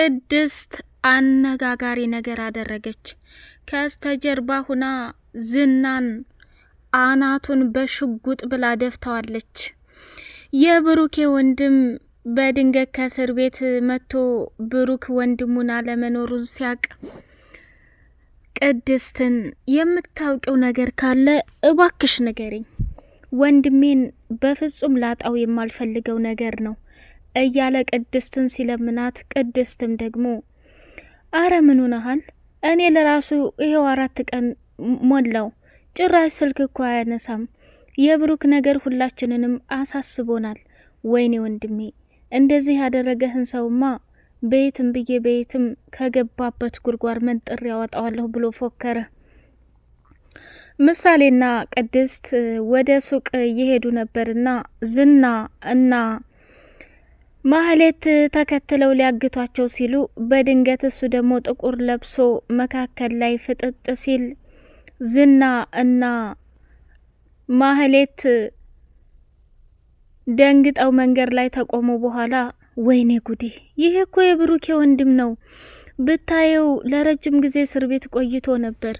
ቅድስት አነጋጋሪ ነገር አደረገች። ከስተጀርባ ሁና ዝናን አናቱን በሽጉጥ ብላ ደፍተዋለች። የብሩኬ ወንድም በድንገት ከእስር ቤት መጥቶ ብሩክ ወንድሙን አለመኖሩን ሲያቅ ቅድስትን የምታውቂው ነገር ካለ እባክሽ ንገሪኝ፣ ወንድሜን በፍጹም ላጣው የማልፈልገው ነገር ነው እያለ ቅድስትን ሲለምናት፣ ቅድስትም ደግሞ አረ ምኑ ነሃል እኔ ለራሱ ይሄው አራት ቀን ሞላው፣ ጭራሽ ስልክ እኮ አያነሳም። የብሩክ ነገር ሁላችንንም አሳስቦናል። ወይኔ ወንድሜ እንደዚህ ያደረገህን ሰውማ በየትም ብዬ በየትም ከገባበት ጉድጓድ መንጥር ያወጣዋለሁ ብሎ ፎከረ። ምሳሌና ቅድስት ወደ ሱቅ እየሄዱ ነበርና ዝና እና ማህሌት ተከትለው ሊያግቷቸው ሲሉ በድንገት እሱ ደግሞ ጥቁር ለብሶ መካከል ላይ ፍጥጥ ሲል ዝና እና ማህሌት ደንግጠው መንገድ ላይ ተቆሙ። በኋላ ወይኔ ጉዴ፣ ይህ እኮ የብሩኬ ወንድም ነው ብታየው ለረጅም ጊዜ እስር ቤት ቆይቶ ነበር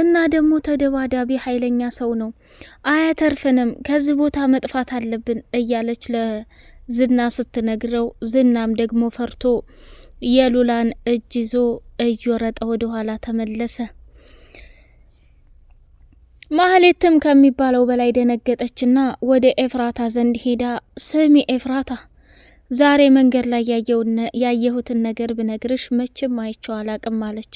እና ደግሞ ተደባዳቢ ኃይለኛ ሰው ነው፣ አያተርፍንም፣ ከዚህ ቦታ መጥፋት አለብን እያለች ዝና ስትነግረው ዝናም ደግሞ ፈርቶ የሉላን እጅ ይዞ እየሮጠ ወደ ኋላ ተመለሰ። ማህሌትም ከሚባለው በላይ ደነገጠችና ወደ ኤፍራታ ዘንድ ሄዳ ስሚ ኤፍራታ፣ ዛሬ መንገድ ላይ ያየሁትን ነገር ብነግርሽ መቼም አይቼው አላቅም አለች።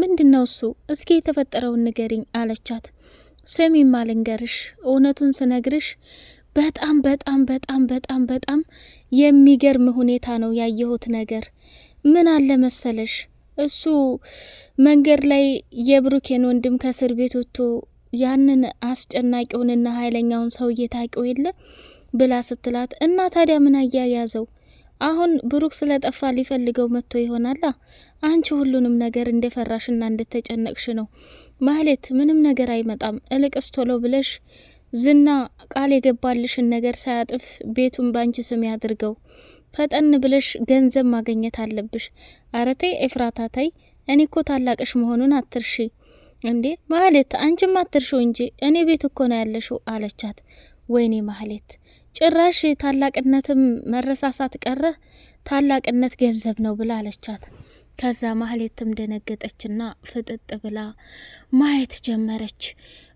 ምንድን ነው እሱ? እስኪ የተፈጠረውን ንገሪኝ አለቻት። ስሚማ ልንገርሽ፣ እውነቱን ስነግርሽ በጣም በጣም በጣም በጣም በጣም የሚገርም ሁኔታ ነው ያየሁት ነገር። ምን አለ መሰለሽ፣ እሱ መንገድ ላይ የብሩኬን ወንድም ከእስር ቤት ወጥቶ ያንን አስጨናቂውንና ኃይለኛውን ሰው እየታቀው የለ ብላ ስትላት እና ታዲያ ምን አያያዘው? አሁን ብሩክ ስለጠፋ ሊፈልገው መጥቶ ይሆናላ። አንቺ ሁሉንም ነገር እንደፈራሽና እንደተጨነቅሽ ነው። ማህሌት ምንም ነገር አይመጣም፣ እልቅስ ቶሎ ብለሽ ዝና ቃል የገባልሽን ነገር ሳያጥፍ ቤቱን ባንቺ ስም ያድርገው። ፈጠን ብለሽ ገንዘብ ማግኘት አለብሽ። አረተይ ኤፍራታ እኔ እኮ ታላቅሽ መሆኑን አትርሺ። እንዴ ማህሌት፣ አንቺም አትርሺው እንጂ እኔ ቤት እኮ ነው ያለሽው አለቻት። ወይኔ ማህሌት፣ ጭራሽ ታላቅነትም መረሳሳት ቀረ። ታላቅነት ገንዘብ ነው ብላ አለቻት። ከዛ ማህሌትም ደነገጠችና ፍጥጥ ብላ ማየት ጀመረች።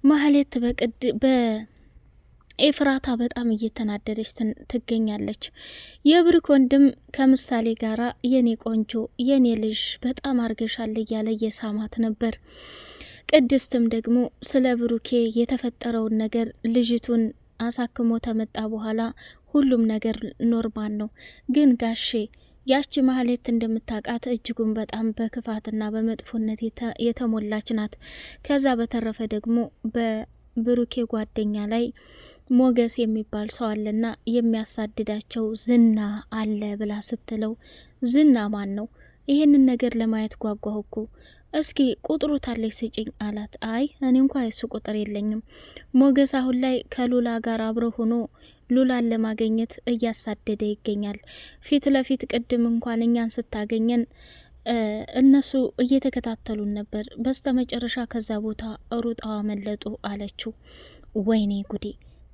ማህሌት በቅድ በኤፍራታ በጣም እየተናደደች ትገኛለች። የብሩክ ወንድም ከምሳሌ ጋራ የኔ ቆንጆ የኔ ልጅ በጣም አርገሻል እያለ የሳማት ነበር። ቅድስትም ደግሞ ስለ ብሩኬ የተፈጠረውን ነገር ልጅቱን አሳክሞ ተመጣ በኋላ ሁሉም ነገር ኖርማል ነው ግን ጋሼ ያቺ ማህሌት እንደምታውቃት እጅጉን በጣም በክፋትና በመጥፎነት የተሞላች ናት። ከዛ በተረፈ ደግሞ በብሩኬ ጓደኛ ላይ ሞገስ የሚባል ሰው አለና የሚያሳድዳቸው ዝና አለ ብላ ስትለው ዝና ማን ነው? ይህንን ነገር ለማየት ጓጓሁ እኮ እስኪ ቁጥሩ ታለች ስጭኝ አላት። አይ እኔ እንኳ የሱ ቁጥር የለኝም። ሞገስ አሁን ላይ ከሉላ ጋር አብረ ሆኖ ሉላን ለማገኘት እያሳደደ ይገኛል። ፊት ለፊት ቅድም እንኳን እኛን ስታገኘን እነሱ እየተከታተሉን ነበር፣ በስተ መጨረሻ ከዛ ቦታ ሩጣዋ መለጡ አለችው። ወይኔ ጉዴ!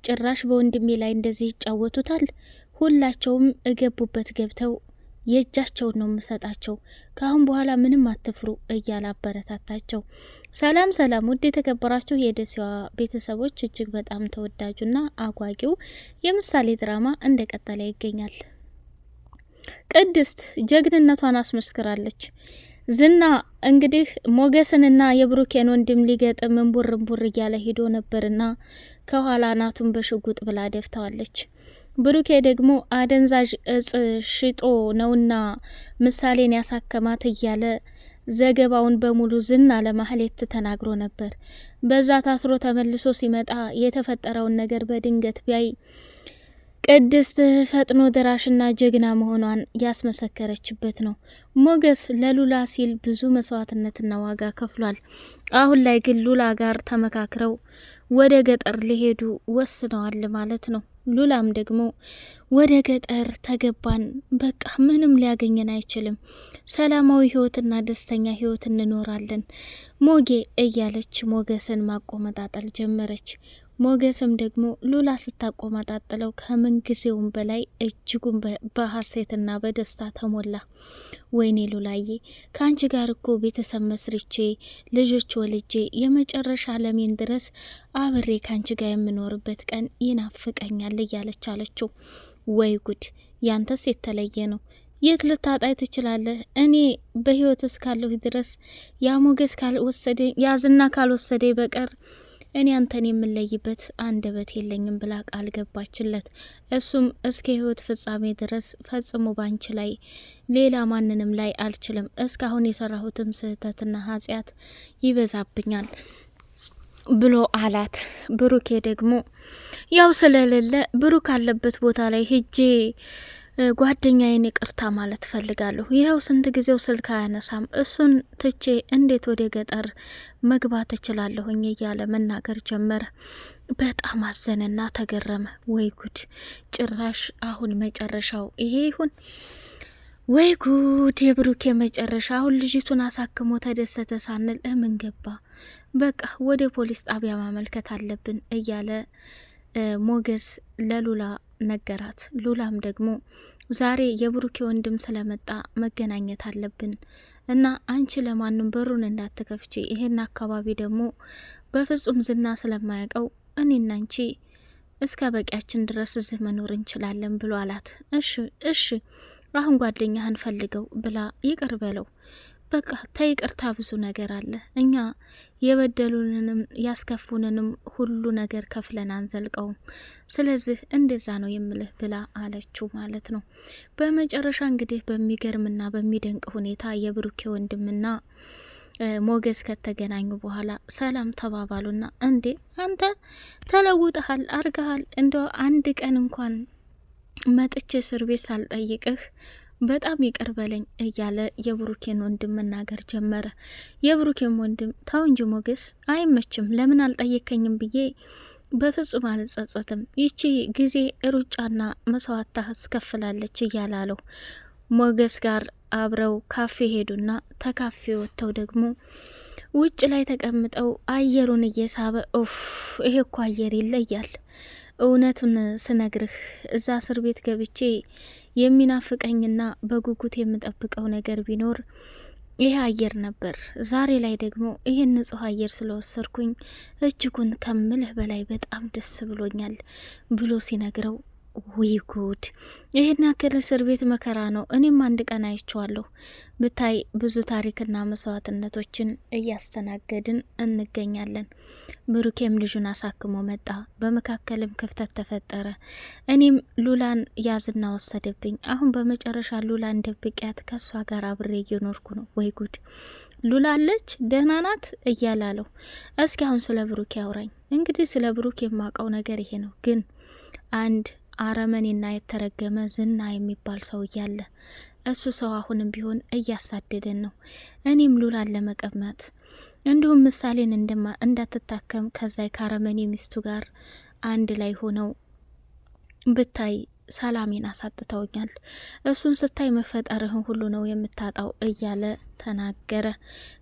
ጭራሽ በወንድሜ ላይ እንደዚህ ይጫወቱታል። ሁላቸውም እገቡበት ገብተው የእጃቸውን ነው የምሰጣቸው። ከአሁን በኋላ ምንም አትፍሩ እያለ አበረታታቸው። ሰላም ሰላም! ውድ የተከበራችሁ የደሴዋ ቤተሰቦች እጅግ በጣም ተወዳጁና አጓጊው የምሳሌ ድራማ እንደቀጠለ ይገኛል። ቅድስት ጀግንነቷን አስመስክራለች። ዝና እንግዲህ ሞገስንና የብሩኬን ወንድም ሊገጥም እምቡር እምቡር እያለ ሄዶ ነበርና ከኋላ ናቱን በሽጉጥ ብላ ደፍተዋለች። ብሩኬ ደግሞ አደንዛዥ እጽ ሽጦ ነውና ምሳሌን ያሳከማት እያለ ዘገባውን በሙሉ ዝና ለማህሌት ተናግሮ ነበር። በዛ ታስሮ ተመልሶ ሲመጣ የተፈጠረውን ነገር በድንገት ቢያይ ቅድስት ፈጥኖ ደራሽና ጀግና መሆኗን ያስመሰከረችበት ነው። ሞገስ ለሉላ ሲል ብዙ መስዋዕትነትና ዋጋ ከፍሏል። አሁን ላይ ግን ሉላ ጋር ተመካክረው ወደ ገጠር ሊሄዱ ወስነዋል ማለት ነው። ሉላም ደግሞ ወደ ገጠር ተገባን፣ በቃ ምንም ሊያገኘን አይችልም፣ ሰላማዊ ህይወትና ደስተኛ ህይወት እንኖራለን ሞጌ እያለች ሞገስን ማቆመጣጠል ጀመረች። ሞገስም ደግሞ ሉላ ስታቆማጣጥለው ከምን ጊዜውም በላይ እጅጉን በሀሴትና በደስታ ተሞላ። ወይኔ ሉላዬ ከአንቺ ጋር እኮ ቤተሰብ መስርቼ ልጆች ወልጄ የመጨረሻ ዓለሜን ድረስ አብሬ ከአንቺ ጋር የምኖርበት ቀን ይናፍቀኛል እያለች አለችው። ወይ ጉድ ያንተስ የተለየ ነው። የት ልታጣይ ትችላለህ? እኔ በህይወት እስካለሁ ድረስ ያ ሞገስ ካልወሰደ ያዝና ካልወሰደ በቀር እኔ አንተን የምለይበት አንደበት የለኝም ብላ ቃል ገባችለት። እሱም እስከ ህይወት ፍጻሜ ድረስ ፈጽሞ ባንች ላይ ሌላ ማንንም ላይ አልችልም፣ እስካሁን የሰራሁትም ስህተትና ኃጢአት ይበዛብኛል ብሎ አላት። ብሩኬ ደግሞ ያው ስለሌለ ብሩክ አለበት ቦታ ላይ ጓደኛ ጓደኛዬን ይቅርታ ማለት ፈልጋለሁ። ይኸው ስንት ጊዜው ስልክ አያነሳም። እሱን ትቼ እንዴት ወደ ገጠር መግባት እችላለሁኝ እያለ መናገር ጀመረ። በጣም አዘነና ተገረመ። ወይ ጉድ! ጭራሽ አሁን መጨረሻው ይሄ ይሁን? ወይ ጉድ! የብሩኬ መጨረሻ አሁን ልጅቱን አሳክሞ ተደሰተ ሳንል እምን ገባ? በቃ ወደ ፖሊስ ጣቢያ ማመልከት አለብን እያለ ሞገስ ለሉላ ነገራት። ሉላም ደግሞ ዛሬ የብሩኬ ወንድም ስለመጣ መገናኘት አለብን እና አንቺ ለማንም በሩን እንዳትከፍቺ፣ ይሄን አካባቢ ደግሞ በፍጹም ዝና ስለማያውቀው እኔና አንቺ እስከ በቂያችን ድረስ እዚህ መኖር እንችላለን ብሎ አላት። እሺ እሺ፣ አሁን ጓደኛህን ፈልገው ብላ ይቅር በለው በቃ ተይቅርታ ብዙ ነገር አለ። እኛ የበደሉንንም ያስከፉንንም ሁሉ ነገር ከፍለን አንዘልቀውም። ስለዚህ እንደዛ ነው የምልህ ብላ አለችው ማለት ነው። በመጨረሻ እንግዲህ በሚገርምና በሚደንቅ ሁኔታ የብሩኬ ወንድምና ሞገስ ከተገናኙ በኋላ ሰላም ተባባሉና እንዴ አንተ ተለውጠሃል፣ አርገሃል እንደ አንድ ቀን እንኳን መጥቼ እስር ቤት ሳልጠይቅህ በጣም ይቅር በለኝ እያለ የብሩኬን ወንድም መናገር ጀመረ። የብሩኬን ወንድም ተው እንጂ ሞገስ፣ አይመችም ለምን አልጠየከኝም ብዬ በፍጹም አልጸጸትም። ይቺ ጊዜ ሩጫና መስዋዕት ታስከፍላለች እያለ አለው። ሞገስ ጋር አብረው ካፌ ሄዱና ተካፌ ወጥተው ደግሞ ውጭ ላይ ተቀምጠው አየሩን እየሳበ ኡፍ፣ ይሄ እኮ አየር ይለያል። እውነቱን ስነግርህ እዛ እስር ቤት ገብቼ የሚናፍቀኝና በጉጉት የምጠብቀው ነገር ቢኖር ይህ አየር ነበር። ዛሬ ላይ ደግሞ ይህን ንጹህ አየር ስለወሰድኩኝ እጅጉን ከምልህ በላይ በጣም ደስ ብሎኛል ብሎ ሲነግረው ውይ ጉድ! ይህን ያክል እስር ቤት መከራ ነው። እኔም አንድ ቀን አይቼዋለሁ። ብታይ ብዙ ታሪክና መስዋዕትነቶችን እያስተናገድን እንገኛለን። ብሩኬም ልጁን አሳክሞ መጣ። በመካከልም ክፍተት ተፈጠረ። እኔም ሉላን ያዝና ወሰደብኝ። አሁን በመጨረሻ ሉላን ደብቂያት ከእሷ ጋር አብሬ እየኖርኩ ነው። ወይ ጉድ! ሉላ አለች ደህና ናት እያላለሁ። እስኪ አሁን ስለ ብሩኬ አውራኝ። እንግዲህ ስለ ብሩኬ የማውቀው ነገር ይሄ ነው። ግን አንድ አረመኔና የተረገመ ዝና የሚባል ሰው እያለ እሱ ሰው አሁንም ቢሆን እያሳደደን ነው። እኔም ሉላን ለመቀማት እንዲሁም ምሳሌን እንዳትታከም ከዛ ከአረመኔ ሚስቱ ጋር አንድ ላይ ሆነው ብታይ ሰላሜን አሳጥተውኛል። እሱን ስታይ መፈጠርህን ሁሉ ነው የምታጣው እያለ ተናገረ።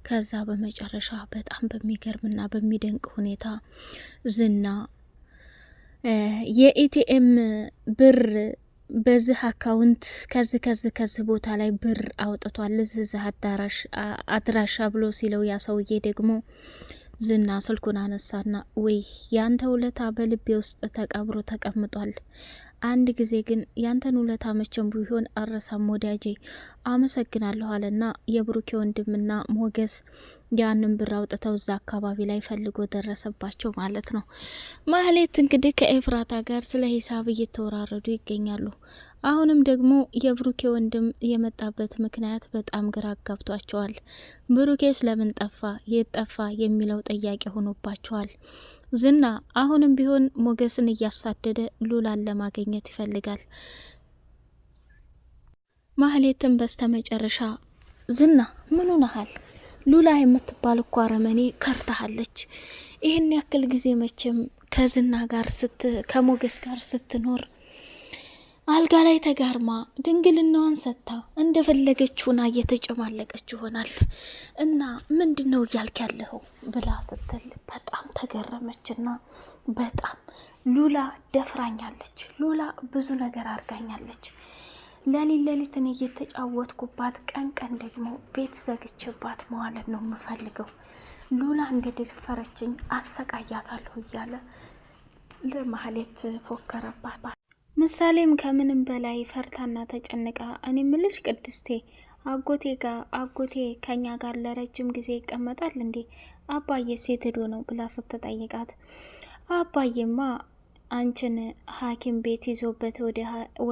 ከዛ በመጨረሻ በጣም በሚገርምና በሚደንቅ ሁኔታ ዝና የኤቲኤም ብር በዚህ አካውንት ከዚህ ከዚህ ከዚህ ቦታ ላይ ብር አውጥቷል እዚህ አዳራሽ አድራሻ ብሎ ሲለው ያ ሰውዬ ደግሞ ዝና ስልኩን አነሳና ወይ ያንተ ውለታ በልቤ ውስጥ ተቀብሮ ተቀምጧል አንድ ጊዜ ግን ያንተን ውለታ መቼም ቢሆን አረሳም ወዳጄ አመሰግናለሁ አለና የብሩኬ ወንድምና ሞገስ ያንን ብር አውጥተው እዛ አካባቢ ላይ ፈልጎ ደረሰባቸው ማለት ነው። ማህሌት እንግዲህ ከኤፍራታ ጋር ስለ ሂሳብ እየተወራረዱ ይገኛሉ። አሁንም ደግሞ የብሩኬ ወንድም የመጣበት ምክንያት በጣም ግራ አጋብቷቸዋል። ብሩኬ ስለምን ጠፋ፣ የት ጠፋ የሚለው ጥያቄ ሆኖባቸዋል። ዝና አሁንም ቢሆን ሞገስን እያሳደደ ሉላን ለማግኘት ይፈልጋል። ማህሌትን በስተ መጨረሻ ዝና ምኑ ናሃል? ሉላ የምትባል እኮ አረመኔ ከርታሃለች። ይህን ያክል ጊዜ መቼም ከዝና ጋር ስት ከሞገስ ጋር ስትኖር አልጋ ላይ ተጋርማ ድንግልናዋን ሰጥታ እንደፈለገች ሁና እየተጨማለቀች ይሆናል እና ምንድን ነው እያልክ ያለኸው ብላ ስትል በጣም ተገረመችና በጣም ሉላ ደፍራኛለች፣ ሉላ ብዙ ነገር አድርጋኛለች። ለሊት ለሊት እየተጫወትኩባት ቀን ቀን ደግሞ ቤት ዘግችባት መዋለን ነው የምፈልገው። ሉላ እንደደፈረችኝ አሰቃያታለሁ እያለ ለማህሌት ፎከረባት። ምሳሌም ከምንም በላይ ፈርታና ተጨንቃ እኔ ምልሽ ቅድስቴ አጎቴ ጋ አጎቴ ከኛ ጋር ለረጅም ጊዜ ይቀመጣል እንዴ አባዬ ሴት ሄዶ ነው ብላ ስትጠይቃት አባዬማ አንቺን ሐኪም ቤት ይዞበት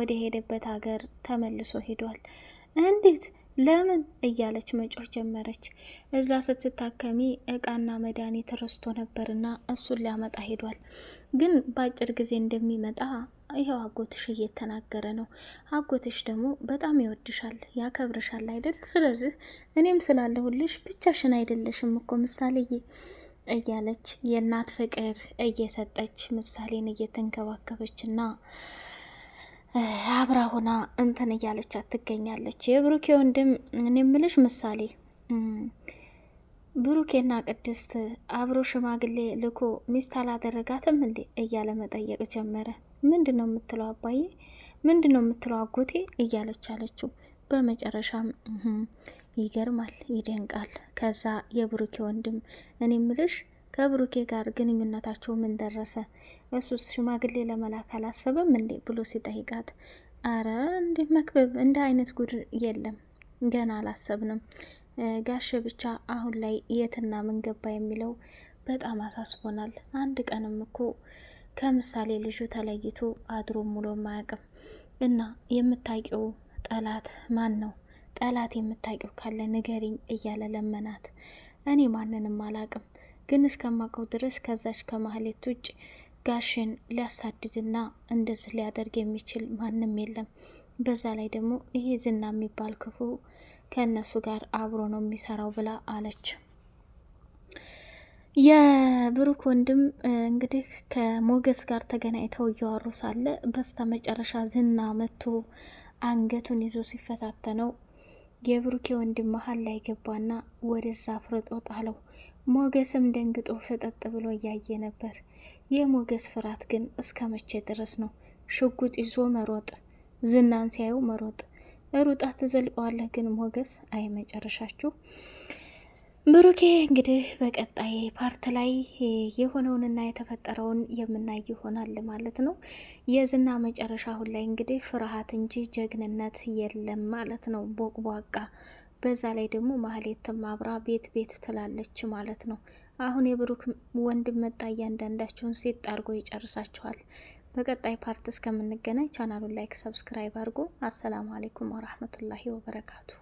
ወደ ሄደበት ሀገር ተመልሶ ሄዷል። እንዴት ለምን እያለች መጮህ ጀመረች። እዛ ስትታከሚ እቃና መድኃኒት ረስቶ ነበርና እሱን ሊያመጣ ሄዷል። ግን በአጭር ጊዜ እንደሚመጣ ይኸው አጎትሽ እየተናገረ ነው። አጎትሽ ደግሞ በጣም ይወድሻል፣ ያከብርሻል አይደል? ስለዚህ እኔም ስላለሁልሽ ብቻሽን አይደለሽም እኮ ምሳሌዬ እያለች የእናት ፍቅር እየሰጠች ምሳሌን እየተንከባከበች ና አብራ ሆና እንትን እያለች ትገኛለች። የብሩኬ ወንድም እኔ ምልሽ ምሳሌ ብሩኬና ቅድስት አብሮ ሽማግሌ ልኮ ሚስት አላደረጋትም እንዴ እያለ መጠየቅ ጀመረ። ምንድን ነው የምትለው አባዬ? ምንድን ነው የምትለው አጎቴ? እያለች አለችው። በመጨረሻም ይገርማል፣ ይደንቃል። ከዛ የብሩኬ ወንድም እኔ ምልሽ ከብሩኬ ጋር ግንኙነታቸው ምን ደረሰ? እሱስ ሽማግሌ ለመላክ አላሰበም እንዴ ብሎ ሲጠይቃት፣ አረ እንዲህ መክበብ እንደ አይነት ጉድ የለም ገና አላሰብንም። ጋሸ ብቻ አሁን ላይ የትና ምን ገባ የሚለው በጣም አሳስቦናል። አንድ ቀንም እኮ ከምሳሌ ልጁ ተለይቶ አድሮ ሙሎ ማያቅም እና የምታውቂው ጠላት ማን ነው? ጠላት የምታውቂው ካለ ንገሪኝ እያለ ለመናት። እኔ ማንንም አላቅም ግን እስከማውቀው ድረስ ከዛች ከማህሌት ውጭ ጋሽን ሊያሳድድና እንደዚህ ሊያደርግ የሚችል ማንም የለም። በዛ ላይ ደግሞ ይሄ ዝና የሚባል ክፉ ከእነሱ ጋር አብሮ ነው የሚሰራው ብላ አለች። የብሩክ ወንድም እንግዲህ ከሞገስ ጋር ተገናኝተው እያወሩ ሳለ በስተ መጨረሻ ዝና መቶ አንገቱን ይዞ ሲፈታተነው የብሩኬ ወንድም መሀል ላይ ገባና ወደዛ አፍርጦ ጣለው። ሞገስም ደንግጦ ፈጠጥ ብሎ እያየ ነበር። የሞገስ ፍርሃት ግን እስከ መቼ ድረስ ነው? ሽጉጥ ይዞ መሮጥ፣ ዝናን ሲያዩ መሮጥ፣ ሩጣት ትዘልቀዋለህ። ግን ሞገስ አይ መጨረሻችሁ ብሩኬ እንግዲህ በቀጣይ ፓርት ላይ የሆነውንና የተፈጠረውን የምናይ ይሆናል ማለት ነው። የዝና መጨረሻ አሁን ላይ እንግዲህ ፍርሃት እንጂ ጀግንነት የለም ማለት ነው። ቦቅቧቃ በዛ ላይ ደግሞ ማህሌትም አብራ ቤት ቤት ትላለች ማለት ነው። አሁን የብሩክ ወንድም መጣ፣ እያንዳንዳቸውን ሴት ጣርጎ ይጨርሳቸዋል። በቀጣይ ፓርት እስከምንገናኝ ቻናሉን ላይክ፣ ሰብስክራይብ አድርጎ አሰላሙ አሌይኩም ወራህመቱላሂ ወበረካቱ